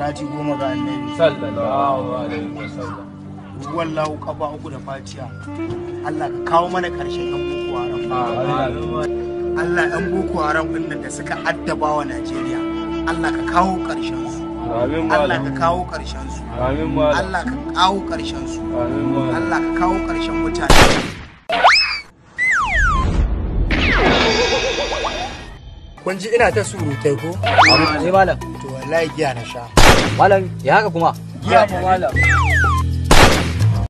salati goma ga annabi sallallahu alaihi wasallam wallahu kaba uku da fatiya Allah ka kawo mana karshen kan boko haram Allah dan boko haram din da suka addaba wa Najeriya Allah ka kawo karshen su Allah ka kawo karshen su Allah ka kawo karshen su Allah ka kawo karshen mutane kun ji ina ta surutai ko? Amma ne malam. wallahi giya na sha malam ya haka kuma giya malam